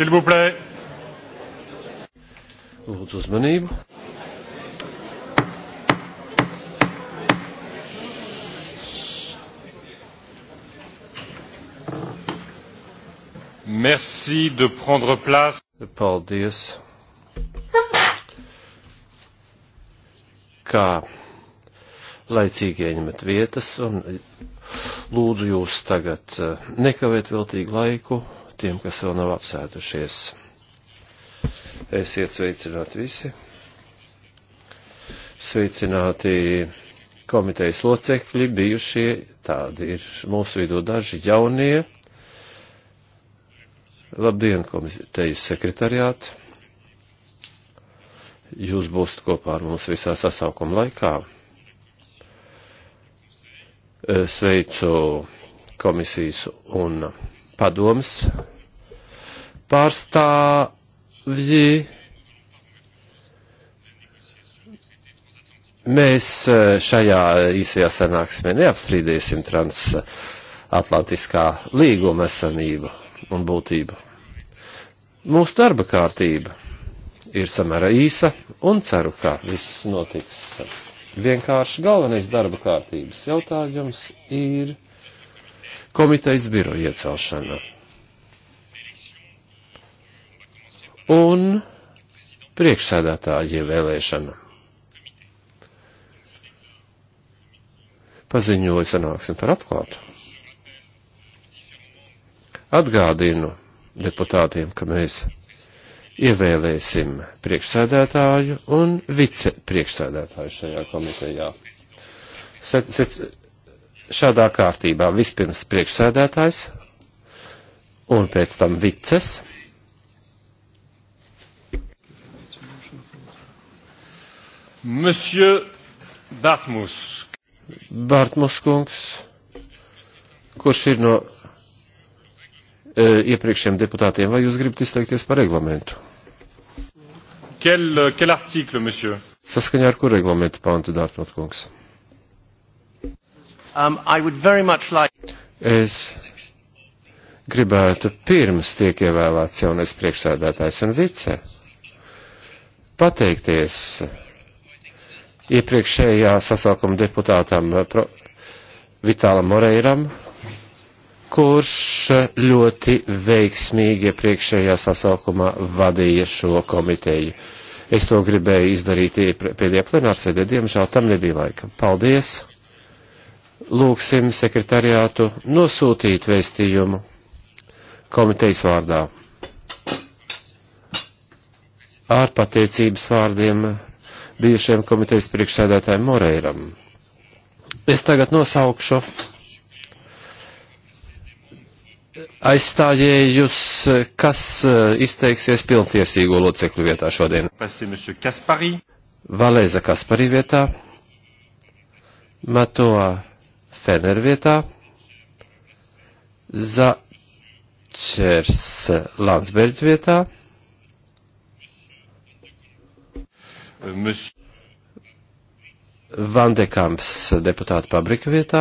S'il vous plaît. Lūdzu uzmanību. Merci de prendre place. Paldies. Kā laicīgi ieņemat vietas un lūdzu jūs tagad eh, nekavēt veltīgu laiku tiem, kas vēl nav apsēdušies. Esiet sveicināti visi. Sveicināti komitejas locekļi, bijušie, tādi ir mūsu vidū daži jaunie. Labdien, komitejas sekretariāti! Jūs būsiet kopā ar mums visā sasaukuma laikā. Sveicu komisijas un padomas pārstāvji. Mēs e, šajā īsajā sanāksmē neapstrīdēsim transatlantiskā līguma esamību un būtību. Mūsu darba kārtība ir samērā īsa un ceru, ka viss notiks. Vienkārši galvenais darba kārtības jautājums ir komitejas biroja iecelšana. un priekšsēdētāja ievēlēšana. Paziņoju sanāksim par atklātu. Atgādinu deputātiem, ka mēs ievēlēsim priekšsēdētāju un vicepriekšsēdētāju šajā komitejā. Set, set, šādā kārtībā vispirms priekšsēdētājs un pēc tam vices Monsieur Bartmus. Bartmus kungs, kurš ir no e, iepriekšējiem deputātiem, vai jūs gribat izteikties par reglamentu? Quel, quel article, monsieur? Saskaņā ar kur reglamentu pantu, Dārtmut kungs? Um, like... Es gribētu pirms tiek ievēlēts jaunais priekšsēdētājs un vice pateikties iepriekšējā sasaukuma deputātam eh, Vitālam Moreiram, kurš eh, ļoti veiksmīgi iepriekšējā sasaukumā vadīja šo komiteju. Es to gribēju izdarīt pēdējā plenārsēdē, diemžēl tam nebija laika. Paldies! Lūksim sekretariātu nosūtīt vēstījumu komitejas vārdā. Ar pateicības vārdiem bijušajam komitejas priekšsēdētājiem Moreiram. Es tagad nosaukšu aizstājējus, kas eh, izteiksies pilntiesīgo locekļu vietā šodien. Valēza Kasparī vietā, Matoa Fener vietā, Začers Landsberg vietā, Vandekamps deputāta pabrika vietā,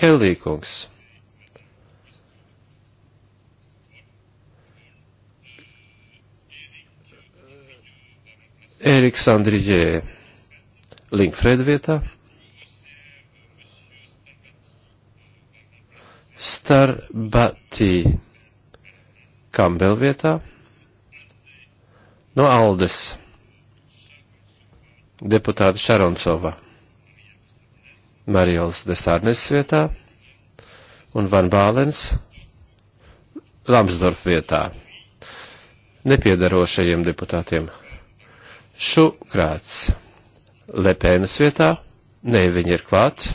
Kellīkungs. Eriks Andriģē Linkfreda vietā, Starbati Kambel vietā, no Aldes deputāta Šaronsova Marijas Desārnes vietā un Van Bālens Lamsdorf vietā nepiedarošajiem deputātiem. Šukrāts Lepēnas vietā, nē, viņi ir klāt,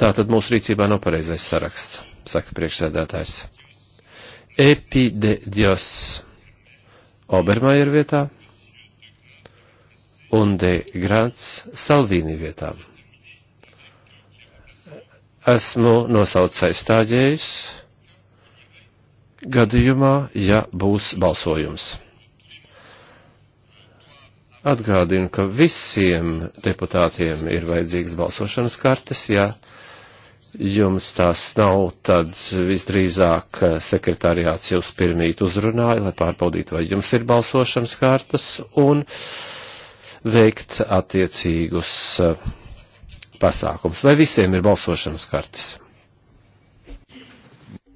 tā tad mūsu rīcībā nav pareizais saraksts, saka priekšsēdētājs. Epidedios Obermajer vietā, un de Grants Salvīni vietām. Esmu nosaucis aizstāģējus gadījumā, ja būs balsojums. Atgādinu, ka visiem deputātiem ir vajadzīgas balsošanas kartes, ja jums tās nav, tad visdrīzāk sekretariāts jūs pirmīt uzrunāja, lai pārbaudītu, vai jums ir balsošanas kartes, un uh, veikt attiecīgus eh, pasākums. Vai visiem ir balsošanas kartes?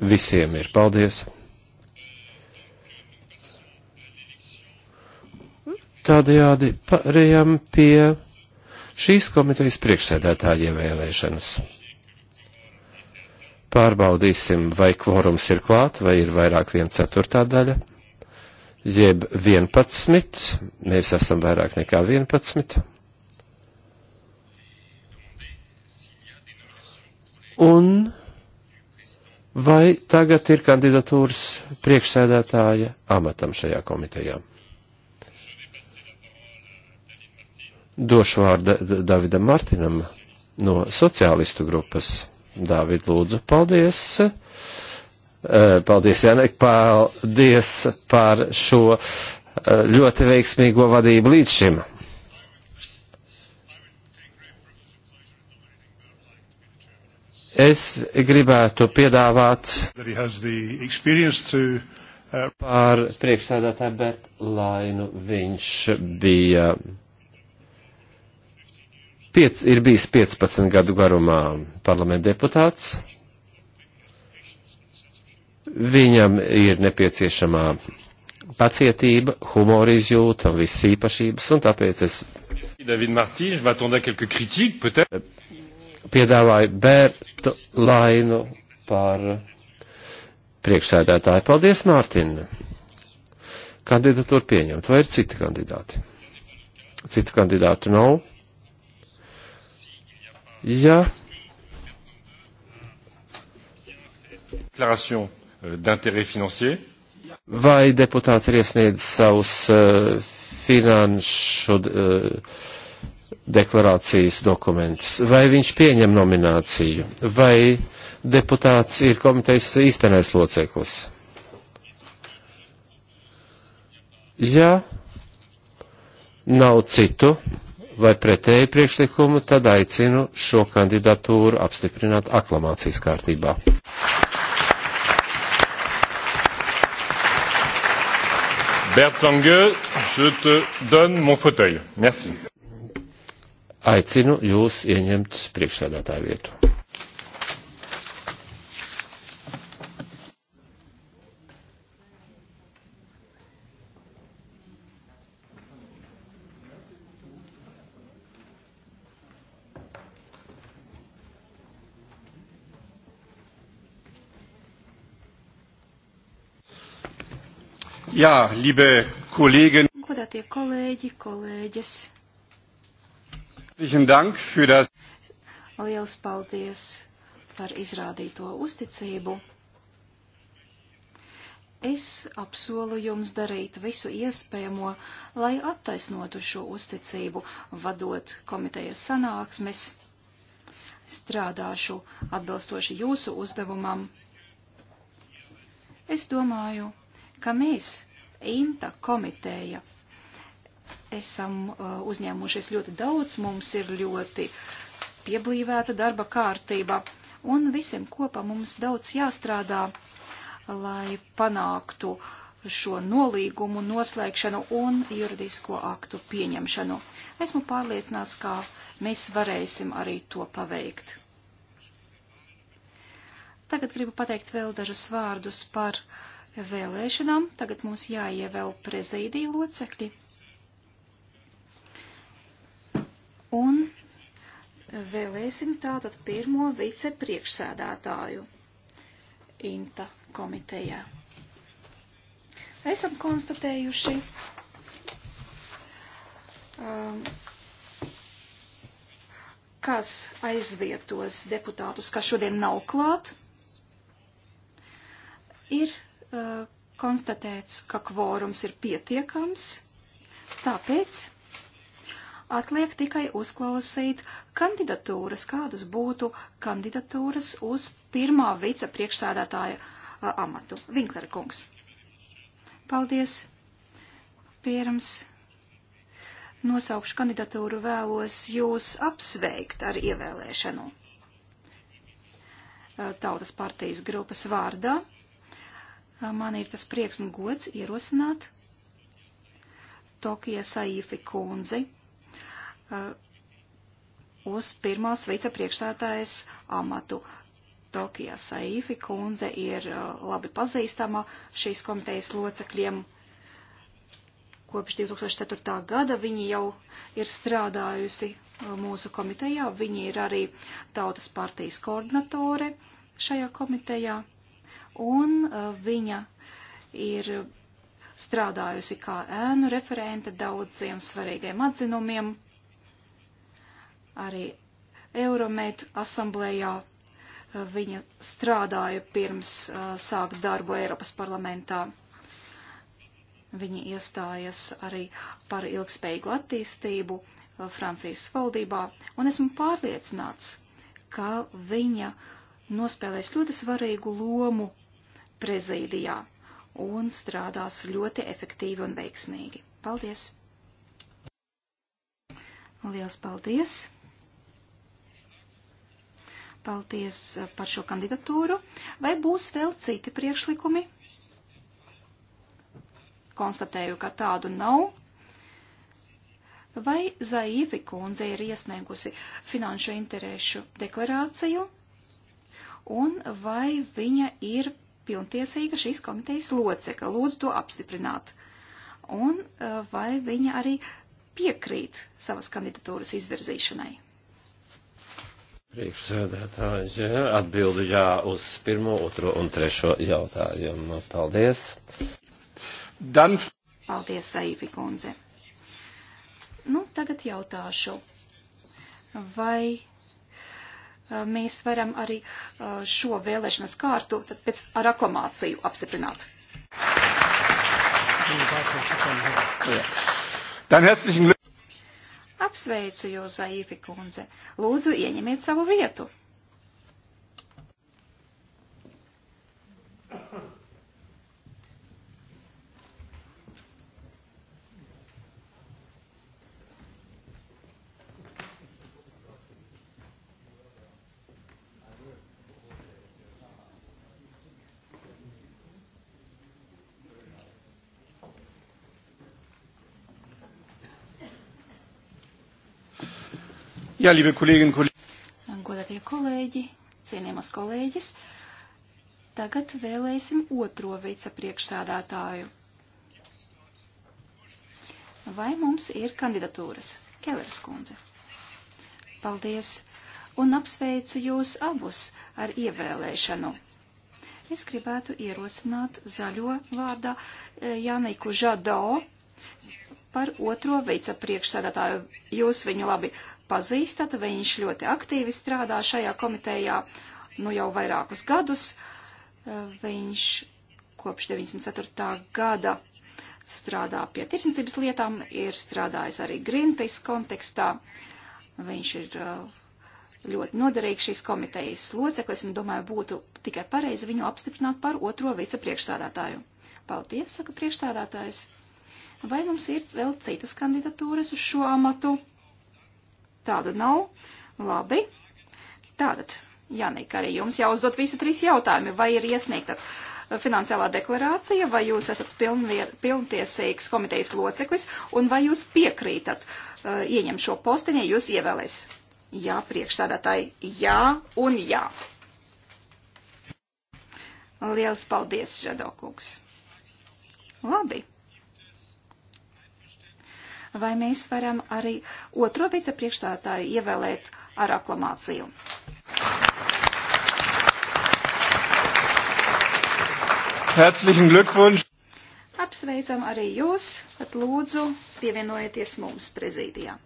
Visiem ir. Paldies! Tādējādi pārējām pie šīs komitejas priekšsēdētāja ievēlēšanas. Pārbaudīsim, vai kvorums ir klāt, vai ir vairāk viena ceturtā daļa jeb 11, mēs esam vairāk nekā 11. Un vai tagad ir kandidatūras priekšsēdētāja amatam šajā komitejā? Došu vārdu Davidam Martinam no sociālistu grupas. Dāvid, lūdzu, paldies! Eh, paldies, Janek, paldies par šo eh, ļoti veiksmīgo vadību līdz šim. Es gribētu piedāvāt pār uh, priekšsēdētāju Bertu Lainu. Viņš bija, piec, ir bijis 15 gadu garumā parlamenta deputāts. Viņam ir nepieciešamā pacietība, humora izjūta, visas īpašības, un tāpēc es. David Martī, je m'attendais quelques critiques, peut-être. Piedāvāju Bērtu Lainu par priekšsēdētāju. Paldies, Mārtiņa! Kandidatūru pieņemt, vai ir citi kandidāti? Citu kandidātu nav. Ja. Deklarācija d'intérêt financier? Vai deputāts ir iesniedzis savus uh, finanšu uh, deklarācijas dokumentus? Vai viņš pieņem nomināciju? Vai deputāts ir komitejas īstenais loceklis? Ja nav citu vai pretēju priekšlikumu, tad aicinu šo kandidatūru apstiprināt aklamācijas kārtībā. Bert Lange, je te donne mon fauteuil. Merci. Aicinu jūs ieņemt priekšsēdētāju vietu. Jā, liebe kolēģi. Godātie kolēģi, kolēģis. Dank für das. Liels paldies par izrādīto uzticību. Es apsolu jums darīt visu iespējamo, lai attaisnotu šo uzticību, vadot komitejas sanāksmes. Strādāšu atbilstoši jūsu uzdevumam. Es domāju, ka mēs INTA komiteja esam uh, uzņēmušies ļoti daudz, mums ir ļoti pieblīvēta darba kārtība, un visiem kopā mums daudz jāstrādā, lai panāktu šo nolīgumu noslēgšanu un juridisko aktu pieņemšanu. Esmu pārliecināts, ka mēs varēsim arī to paveikt. Tagad gribu pateikt vēl dažus vārdus par uh, vēlēšanām. Tagad mums jāievēl prezīdija locekļi. Un vēlēsim tātad pirmo vicepriekšsēdētāju INTA komitejā. Esam konstatējuši um, kas aizvietos deputātus, kas šodien nav klāt, ir Eh, konstatēts, ka kvorums ir pietiekams, tāpēc atliek tikai uzklausīt kandidatūras, kādas būtu kandidatūras uz pirmā vicepriekšsēdētāja eh, amatu. Vinklera kungs. Paldies. Pirms nosaukšu kandidatūru vēlos jūs apsveikt ar ievēlēšanu. Eh, Tautas partijas grupas vārdā Man ir tas prieks un gods ierosināt Tokija Saifi kundzi uh, uz pirmās vicepriekšsētājas amatu. Tokijā Saifi kundze ir uh, labi pazīstama šīs komitejas locekļiem. Kopš 2004. gada viņi jau ir strādājusi uh, mūsu komitejā. Viņi ir arī Tautas partijas koordinatore šajā komitejā un uh, viņa ir strādājusi kā ēnu referente daudziem svarīgiem atzinumiem, arī Euromet asamblējā uh, viņa strādāja pirms uh, sākt darbu Eiropas parlamentā. Viņa iestājas arī par ilgspējīgu attīstību Francijas valdībā, un esmu pārliecināts, ka viņa nospēlēs ļoti svarīgu lomu prezīdijā un strādās ļoti efektīvi un veiksmīgi. Paldies! Liels paldies! Paldies par šo kandidatūru. Vai būs vēl citi priekšlikumi? Konstatēju, ka tādu nav. Vai Zaifi kundze ir iesniegusi finanšu interešu deklarāciju? Un vai viņa ir pilntiesīga šīs komitejas locekla. Lūdzu to apstiprināt. Un e, vai viņa arī piekrīt savas kandidatūras izvirzīšanai? Priekšsēdētāji, atbildi jā uz pirmo, otro un trešo jautājumu. Paldies. Dan... Paldies, Saifi kundze. Nu, tagad jautāšu, vai Eh, mēs varam arī eh, šo vēlēšanas kārtu pēc ar aklamāciju apstiprināt. Apsveicu jūs, Zaifi kundze. Lūdzu, ieņemiet savu vietu. Jā, liebe kolēģi un kolēģi. Godātie kolēģi, cienījamas kolēģis, tagad vēlēsim otro vicepriekšsādātāju. Vai mums ir kandidatūras? Kelleris kundze. Paldies un apsveicu jūs abus ar ievēlēšanu. Es gribētu ierosināt zaļo vārdā eh, Janiku Žado, par otro vicepriekšsēdētāju. Jūs viņu labi pazīstat, viņš ļoti aktīvi strādā šajā komitejā nu jau vairākus gadus. Viņš kopš 94. gada strādā pie tirsniecības lietām, ir strādājis arī Greenpeace kontekstā. Viņš ir uh, ļoti noderīgs šīs komitejas loceklis un domāju, būtu tikai pareizi viņu apstiprināt par otro vicepriekšsādātāju. Paldies, saka priekšsādātājs. Vai mums ir vēl citas kandidatūras uz šo amatu? Tādu nav. Labi. Tātad, Janika, arī jums jāuzdod visi trīs jautājumi. Vai ir iesniegta finansiālā deklarācija, vai jūs esat pilnvier, pilntiesīgs komitejas loceklis, un vai jūs piekrītat uh, ieņemt šo postiņu, ja jūs ievēlēs? Jā, priekšsādātāji, jā un jā. Liels paldies, Žadokungs. Labi vai mēs varam arī otro vicepriekšstādātāju ievēlēt ar aklamāciju. Herzlichen Glückwunsch! Apsveicam arī jūs, bet lūdzu pievienojieties mums prezīdijā.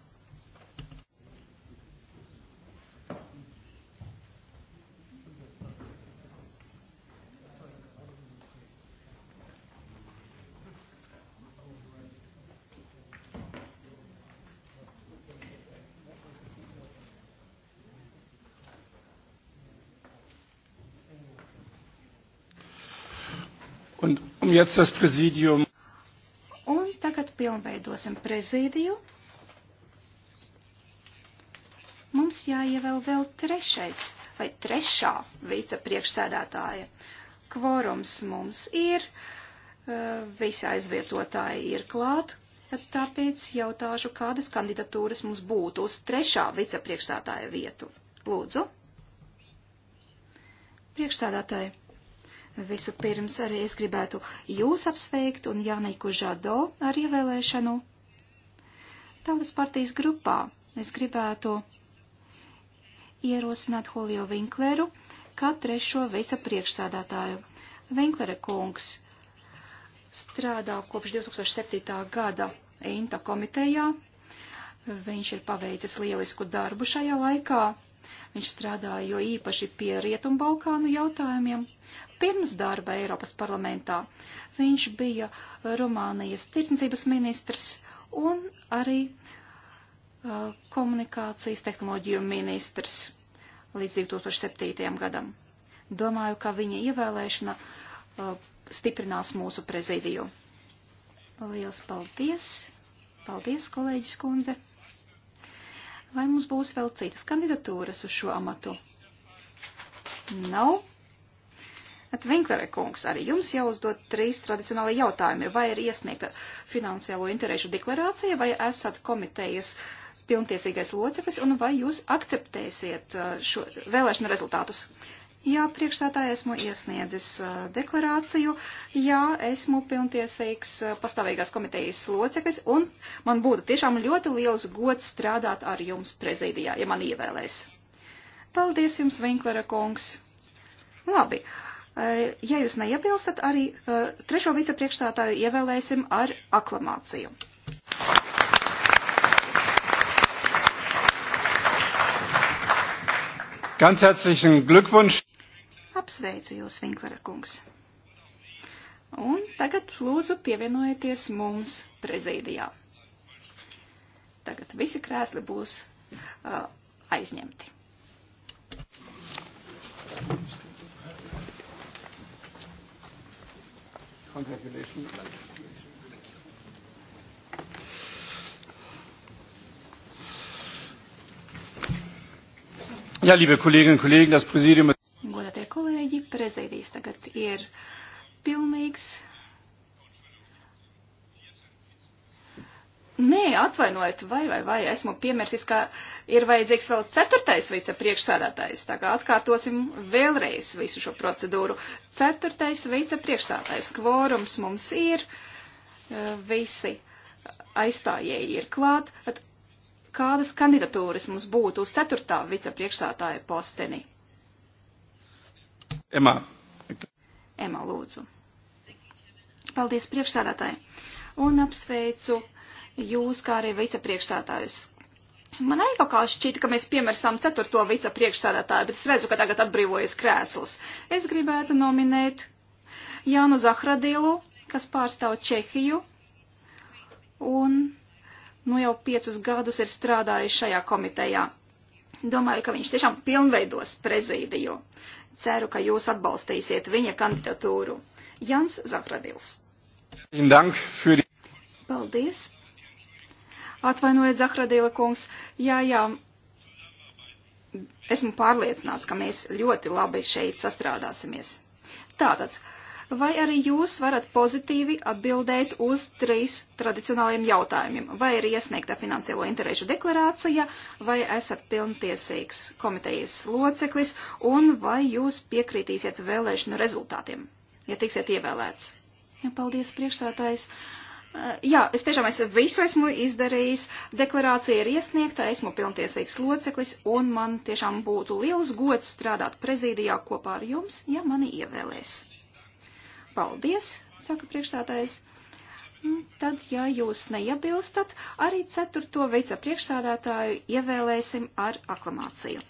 jetzt das Präsidium. Un tagad pilnveidosim prezīdiju. Mums jāievēl vēl trešais vai trešā vicepriekšsēdētāja. Kvorums mums ir, eh, visi aizvietotāji ir klāt, tāpēc jautāšu, kādas kandidatūras mums būtu uz trešā vicepriekšsēdētāja vietu. Lūdzu. Priekšsēdētāji. Visu pirms arī es gribētu jūs apsveikt un Jāniku Žado ar ievēlēšanu. Tautas partijas grupā es gribētu ierosināt Holio Vinkleru kā trešo veica priekšsādātāju. Vinklera kungs strādā kopš 2007. gada EINTA komitejā, Viņš ir paveicis lielisku darbu šajā laikā. Viņš strādāja jo īpaši pie Rietumbalkānu jautājumiem. Pirms darba Eiropas parlamentā viņš bija Rumānijas tirsniecības ministrs un arī uh, komunikācijas tehnoloģiju ministrs līdz 2007. gadam. Domāju, ka viņa ievēlēšana uh, stiprinās mūsu prezidiju. Lielas paldies! Paldies, kolēģis kundze! Vai mums būs vēl citas kandidatūras uz šo amatu? Nav. Atvinklere kungs, arī jums jau uzdot trīs tradicionāli jautājumi. Vai ir iesniegta finansiālo interešu deklarācija, vai esat komitejas pilntiesīgais loceklis, un vai jūs akceptēsiet uh, šo vēlēšanu rezultātus? Uh, Jā, priekšstādā esmu iesniedzis deklarāciju, jā, esmu pilntiesīgs pastāvīgās komitejas loceklis un man būtu tiešām ļoti liels gods strādāt ar jums prezidijā, ja man ievēlēs. Paldies jums, Vinklera kungs. Labi, ja jūs neiebilstat, arī trešo vicepriekšstātāju ievēlēsim ar aklamāciju. Ganz herzlichen Glückwunsch. Apsveicu jūs, Vinklera kungs. Un tagad lūdzu pievienojieties mums prezīdijā. Tagad visi krēsli būs uh, aizņemti. Congratulations. Ja, liebe Kolleginnen und Kollegen, das Präsidium valstīs tagad ir pilnīgs. Nē, atvainojiet, vai, vai, vai, esmu piemērsis, ka ir vajadzīgs vēl ceturtais vicepriekšsēdētājs, tā kā atkārtosim vēlreiz visu šo procedūru. Ceturtais vicepriekšsēdētājs, kvorums mums ir, e, visi aizstājēji ir klāt, At kādas kandidatūras mums būtu uz ceturtā vicepriekšsēdētāja posteni? Emā, Ema lūdzu. Paldies priekšsādātāji un apsveicu jūs kā arī vicepriekšsādātājus. Man arī kaut kā šķita, ka mēs piemirsām ceturto vicepriekšsādātāju, bet es redzu, ka tagad atbrīvojas krēsls. Es gribētu nominēt Jānu Zahradilu, kas pārstāv Čehiju un nu jau piecus gadus ir strādājis šajā komitejā. Domāju, ka viņš tiešām pilnveidos prezīdiju. Ceru, ka jūs atbalstīsiet viņa kandidatūru. Jans Zahradils. Paldies. Atvainojiet, Zahradila kungs. Jā, jā. Esmu pārliecināts, ka mēs ļoti labi šeit sastrādāsimies. Tātad. Uh, Vai arī jūs varat pozitīvi atbildēt uz trīs tradicionāliem jautājumiem? Vai ir iesniegta finansiālo interešu deklarācija, vai esat pilntiesīgs komitejas loceklis, un vai jūs piekritīsiet vēlēšanu rezultātiem, ja tiksiet ievēlēts? Ja, paldies, priekšstādājs. Eh, jā, es tiešām es visu esmu izdarījis, deklarācija ir iesniegta, esmu pilntiesīgs loceklis, un man tiešām būtu liels gods strādāt prezīdijā kopā ar jums, ja mani ievēlēs. Paldies, saka priekšstādājs. Tad, ja jūs neiebilstat, arī ceturto vicepriekšsādātāju ievēlēsim ar aklamāciju.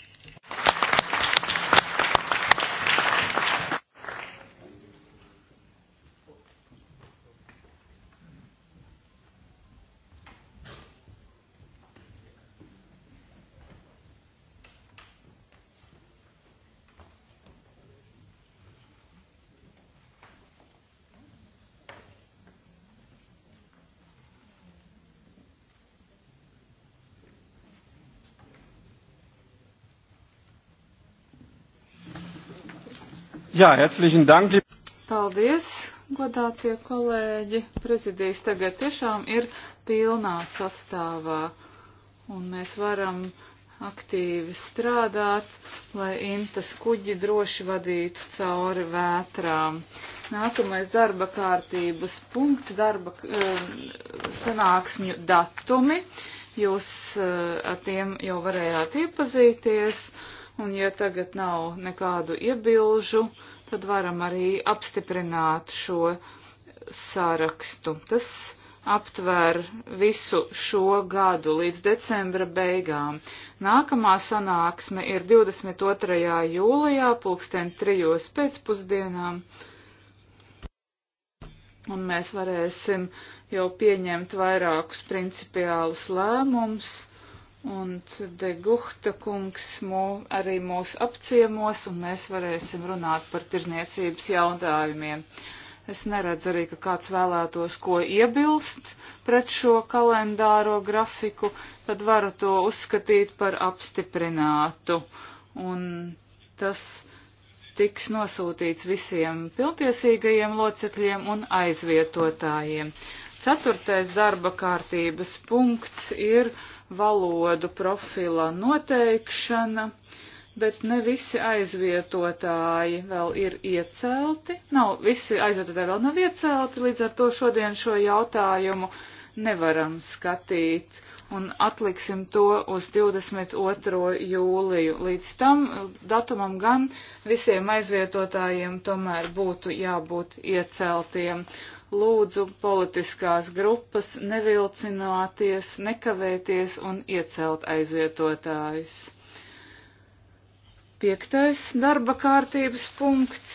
Jā, herzlichen dank. Paldies, godātie kolēģi. Prezidijas tagad tiešām ir pilnā sastāvā. Un mēs varam aktīvi strādāt, lai intas kuģi droši vadītu cauri vētrām. Nākamais darba kārtības punkts - darba eh, sanāksmju datumi. Jūs eh, ar tiem jau varējāt iepazīties un ja tagad nav nekādu iebilžu, tad varam arī apstiprināt šo sārakstu. Tas aptver visu šo gadu līdz decembra beigām. Nākamā sanāksme ir 22. jūlijā, pulksten trijos pēcpusdienām. Un mēs varēsim jau pieņemt vairākus principiālus lēmumus Un De eh, Guhta kungs mū, arī mūs apciemos, un mēs varēsim runāt par tirzniecības jautājumiem. Es neredzu arī, ka kāds vēlētos ko iebilst pret šo kalendāro grafiku, tad varu to uzskatīt par apstiprinātu. Un tas tiks nosūtīts visiem piltiesīgajiem locekļiem un aizvietotājiem. Ceturtais darba kārtības punkts ir valodu profila noteikšana, bet ne visi aizvietotāji vēl ir iecelti. Nav, visi aizvietotāji vēl nav iecelti, līdz ar to šodien šo jautājumu nevaram skatīt un atliksim to uz 22. jūliju. Līdz tam eh, datumam gan visiem aizvietotājiem tomēr būtu jābūt ieceltiem. Lūdzu politiskās grupas nevilcināties, nekavēties un iecelt aizvietotājus. Piektais darba kārtības punkts.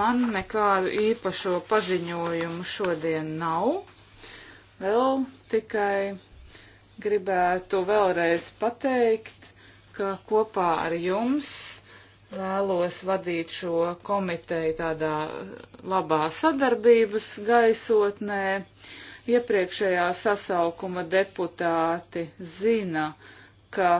Man nekādu īpašo paziņojumu šodien nav. Vēl tikai gribētu vēlreiz pateikt, ka kopā ar jums vēlos vadīt šo komiteju tādā labā sadarbības gaisotnē. Iepriekšējā sasaukuma deputāti zina, ka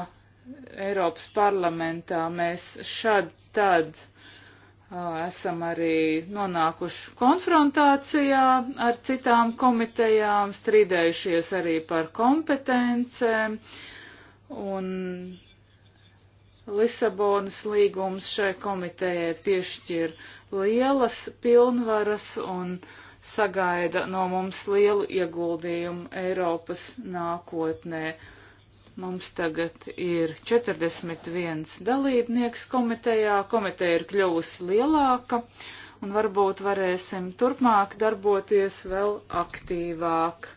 Eiropas parlamentā mēs šad tad uh, esam arī nonākuši konfrontācijā ar citām komitejām, strīdējušies arī par kompetencēm un Lisabonas līgums šai komitejai piešķir lielas pilnvaras un sagaida no mums lielu ieguldījumu Eiropas nākotnē. Mums tagad ir 41 dalībnieks komitejā, komiteja ir kļuvusi lielāka un varbūt varēsim turpmāk darboties vēl aktīvāk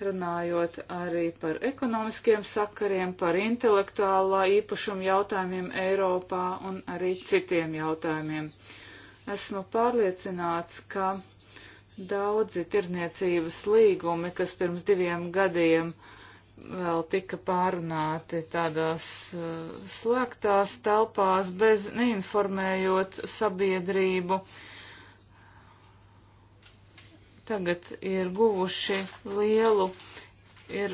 runājot arī par ekonomiskiem sakariem, par intelektuālā īpašuma jautājumiem Eiropā un arī citiem jautājumiem. Esmu pārliecināts, ka daudzi tirniecības līgumi, kas pirms diviem gadiem vēl tika pārunāti tādās uh, slēgtās telpās, bez neinformējot sabiedrību, uh, tagad ir guvuši lielu, ir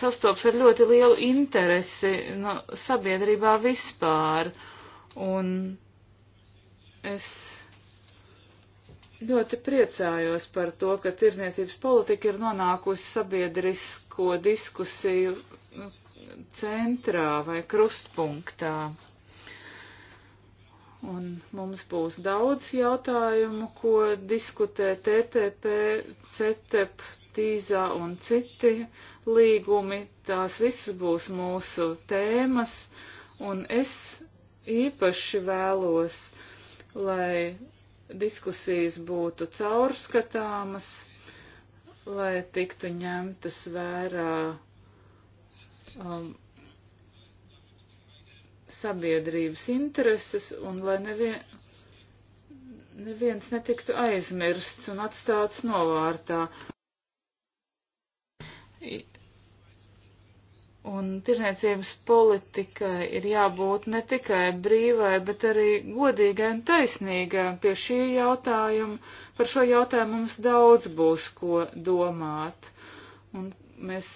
sastops ar ļoti lielu interesi no sabiedrībā vispār. Un es ļoti priecājos par to, ka tirzniecības politika ir nonākusi sabiedrisko diskusiju centrā vai krustpunktā. Un mums būs daudz jautājumu, ko diskutē TTP, CETEP, TIZA un citi līgumi. Tās visas būs mūsu tēmas. Un es īpaši vēlos, lai diskusijas būtu caurskatāmas, lai tiktu ņemtas vērā. Um, sabiedrības intereses un lai nevien, neviens netiktu aizmirsts un atstāts novārtā. Un tirniecības politikai ir jābūt ne tikai brīvai, bet arī godīgai un taisnīgai. Pie šī jautājuma, par šo jautājumu mums daudz būs ko domāt. Un mēs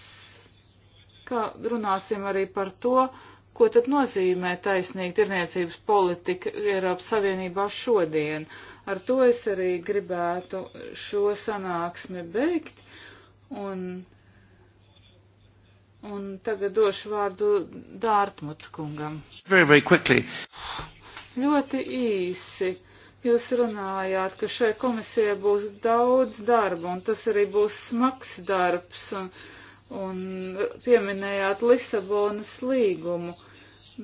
kā runāsim arī par to, uh, Ko tad nozīmē taisnīga tirniecības politika Eiropas Savienībā šodien? Ar to es arī gribētu šo sanāksmi beigt. Un, un tagad došu vārdu Dārtmut kungam. Very, very quickly. Ļoti īsi. Jūs runājāt, ka šai komisijai būs daudz darba, un tas arī būs smags darbs. Un, uh, un pieminējāt Lisabonas līgumu,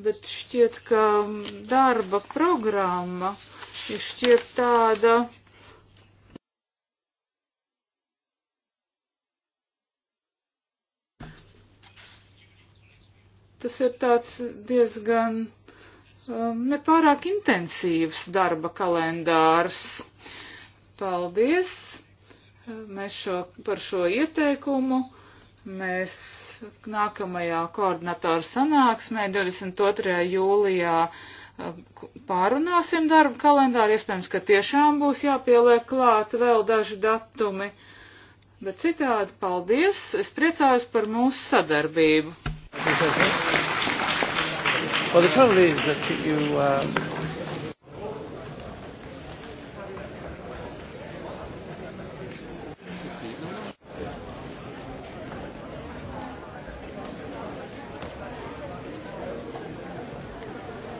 bet šķiet, ka darba programma ir šķiet tāda. Tas ir tāds diezgan um, nepārāk intensīvs darba kalendārs. Paldies! Mēs šo, par šo ieteikumu Mēs nākamajā koordinatoru sanāksmē 22. jūlijā eh, pārunāsim darbu kalendāru. Iespējams, ka tiešām būs jāpieliek klāt vēl daži datumi. Bet citādi paldies. Es priecājos par mūsu sadarbību. Well, the trouble is that you, uh,